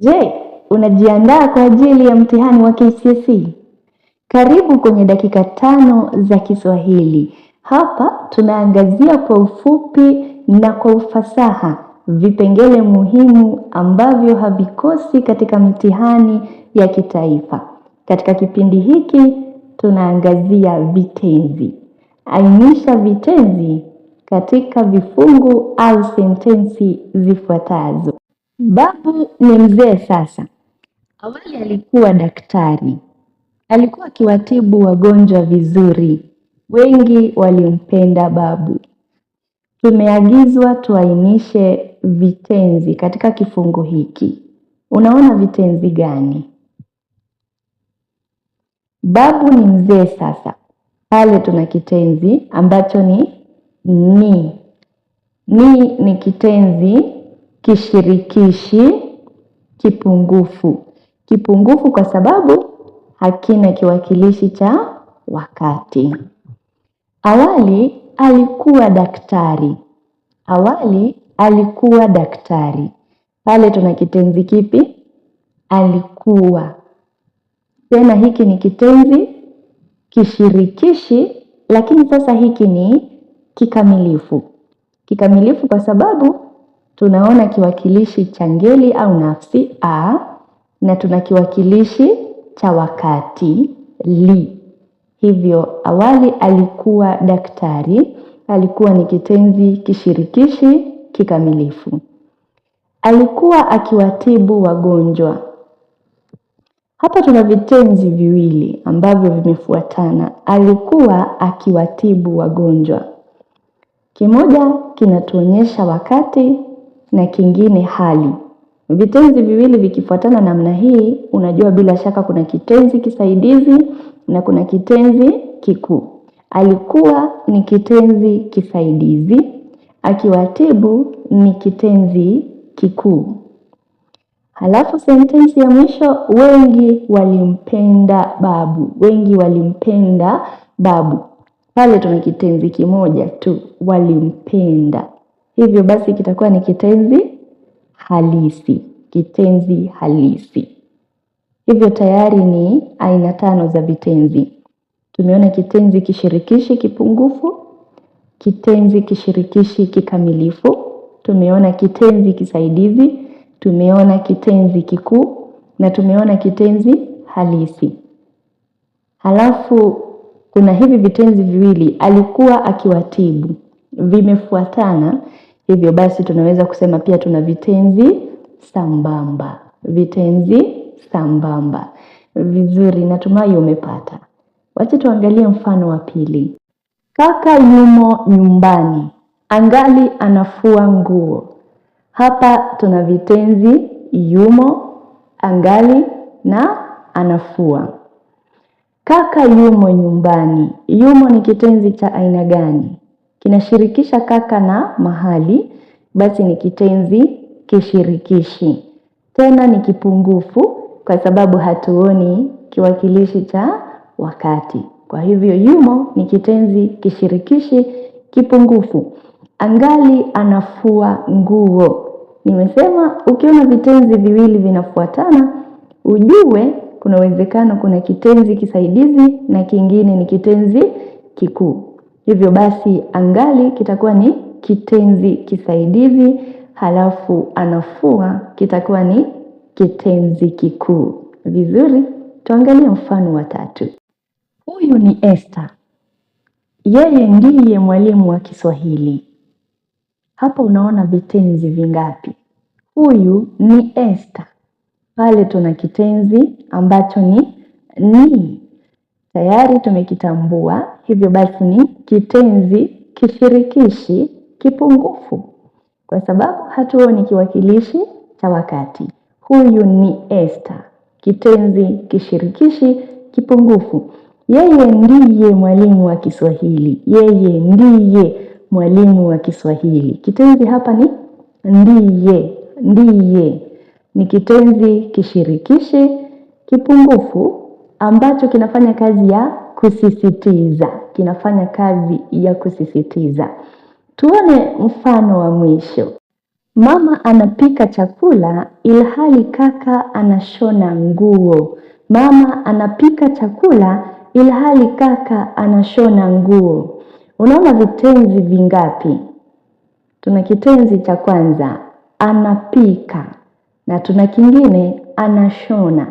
Je, unajiandaa kwa ajili ya mtihani wa KCSE? Karibu kwenye dakika tano za Kiswahili. Hapa tunaangazia kwa ufupi na kwa ufasaha vipengele muhimu ambavyo havikosi katika mitihani ya kitaifa. Katika kipindi hiki tunaangazia vitenzi. Ainisha vitenzi katika vifungu au sentensi zifuatazo. Babu ni mzee sasa. Awali alikuwa daktari, alikuwa akiwatibu wagonjwa vizuri. Wengi walimpenda babu. Tumeagizwa tuainishe vitenzi katika kifungu hiki. Unaona vitenzi gani? Babu ni mzee sasa, pale tuna kitenzi ambacho ni ni. Ni ni kitenzi kishirikishi kipungufu. Kipungufu kwa sababu hakina kiwakilishi cha wakati. Awali alikuwa daktari. Awali alikuwa daktari. Pale tuna kitenzi kipi? Alikuwa. Tena hiki ni kitenzi kishirikishi, lakini sasa hiki ni kikamilifu. Kikamilifu kwa sababu tunaona kiwakilishi cha ngeli au nafsi a, na tuna kiwakilishi cha wakati li. Hivyo awali alikuwa daktari, alikuwa ni kitenzi kishirikishi kikamilifu. Alikuwa akiwatibu wagonjwa. Hapa tuna vitenzi viwili ambavyo vimefuatana. Alikuwa akiwatibu wagonjwa, kimoja kinatuonyesha wakati na kingine hali. Vitenzi viwili vikifuatana namna hii, unajua bila shaka kuna kitenzi kisaidizi na kuna kitenzi kikuu. Alikuwa ni kitenzi kisaidizi, akiwatibu ni kitenzi kikuu. Halafu sentensi ya mwisho, wengi walimpenda babu. Wengi walimpenda babu, pale tuna kitenzi kimoja tu, walimpenda. Hivyo basi kitakuwa ni kitenzi halisi, kitenzi halisi. Hivyo tayari ni aina tano za vitenzi. Tumeona kitenzi kishirikishi kipungufu, kitenzi kishirikishi kikamilifu, tumeona kitenzi kisaidizi, tumeona kitenzi kikuu na tumeona kitenzi halisi. Halafu kuna hivi vitenzi viwili, alikuwa akiwatibu, vimefuatana Hivyo basi tunaweza kusema pia tuna vitenzi sambamba, vitenzi sambamba. Vizuri, natumai umepata. Wacha tuangalie mfano wa pili. Kaka yumo nyumbani angali anafua nguo. Hapa tuna vitenzi yumo, angali na anafua. Kaka yumo nyumbani. Yumo ni kitenzi cha aina gani? kinashirikisha kaka na mahali, basi ni kitenzi kishirikishi. Tena ni kipungufu kwa sababu hatuoni kiwakilishi cha wakati. Kwa hivyo yumo ni kitenzi kishirikishi kipungufu. Angali anafua nguo. Nimesema ukiona vitenzi viwili vinafuatana, ujue kuna uwezekano kuna kitenzi kisaidizi na kingine ni kitenzi kikuu. Hivyo basi angali kitakuwa ni kitenzi kisaidizi, halafu anafua kitakuwa ni kitenzi kikuu. Vizuri, tuangalie mfano wa tatu. Huyu ni Esther, yeye ndiye mwalimu wa Kiswahili. Hapa unaona vitenzi vingapi? Huyu ni Esther, pale tuna kitenzi ambacho ni ni, tayari tumekitambua Hivyo basi ni kitenzi kishirikishi kipungufu, kwa sababu hatuoni kiwakilishi cha wakati. Huyu ni Esther, kitenzi kishirikishi kipungufu. Yeye ndiye mwalimu wa Kiswahili. Yeye ndiye mwalimu wa Kiswahili. Kitenzi hapa ni ndiye. Ndiye ni kitenzi kishirikishi kipungufu ambacho kinafanya kazi ya kusisitiza, kinafanya kazi ya kusisitiza. Tuone mfano wa mwisho. Mama anapika chakula ilhali kaka anashona nguo. Mama anapika chakula ilhali kaka anashona nguo. Unaona vitenzi vingapi? Tuna kitenzi cha kwanza anapika, na tuna kingine anashona.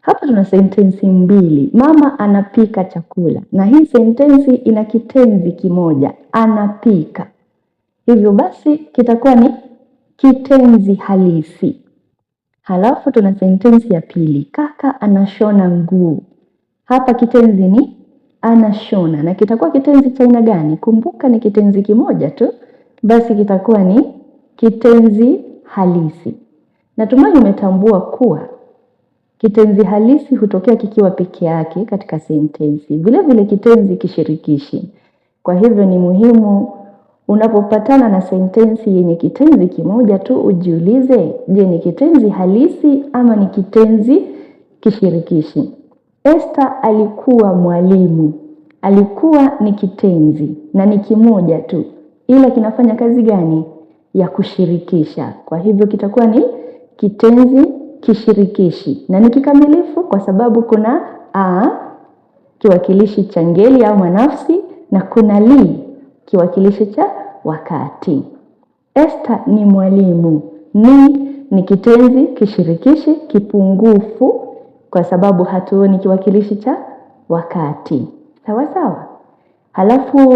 Hapa tuna sentensi mbili, mama anapika chakula, na hii sentensi ina kitenzi kimoja, anapika. Hivyo basi kitakuwa ni kitenzi halisi. Halafu tuna sentensi ya pili, kaka anashona nguo. Hapa kitenzi ni anashona, na kitakuwa kitenzi cha aina gani? Kumbuka ni kitenzi kimoja tu, basi kitakuwa ni kitenzi halisi. Natumai umetambua kuwa Kitenzi halisi hutokea kikiwa peke yake katika sentensi, vile vile kitenzi kishirikishi. Kwa hivyo ni muhimu unapopatana na sentensi yenye kitenzi kimoja tu ujiulize, je, ni kitenzi halisi ama ni kitenzi kishirikishi? Esther alikuwa mwalimu. Alikuwa ni kitenzi na ni kimoja tu, ila kinafanya kazi gani? Ya kushirikisha. Kwa hivyo kitakuwa ni kitenzi kishirikishi na ni kikamilifu kwa sababu kuna a kiwakilishi cha ngeli au manafsi na kuna li kiwakilishi cha wakati. Esther ni mwalimu. Ni ni kitenzi kishirikishi kipungufu kwa sababu hatuoni kiwakilishi cha wakati. Sawa sawa. Halafu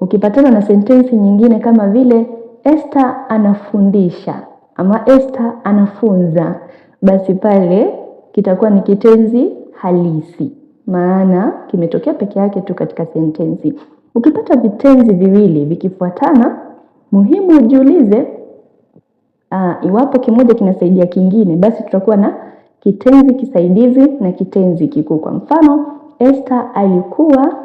ukipatana na sentensi nyingine kama vile Esther anafundisha ama Esther anafunza basi pale kitakuwa ni kitenzi halisi, maana kimetokea peke yake tu katika sentensi. Ukipata vitenzi viwili vikifuatana, muhimu ujiulize aa, ah, iwapo kimoja kinasaidia kingine, basi tutakuwa na kitenzi kisaidizi na kitenzi kikuu. Kwa mfano, Esther alikuwa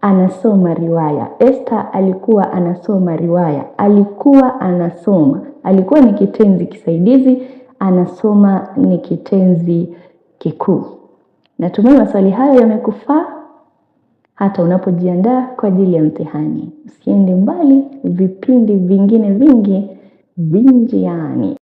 anasoma riwaya. Esther alikuwa anasoma riwaya. Alikuwa anasoma, alikuwa ni kitenzi kisaidizi anasoma ni kitenzi kikuu. Natumai maswali hayo yamekufaa hata unapojiandaa kwa ajili ya mtihani. Usiende mbali, vipindi vingine vingi vinjiani.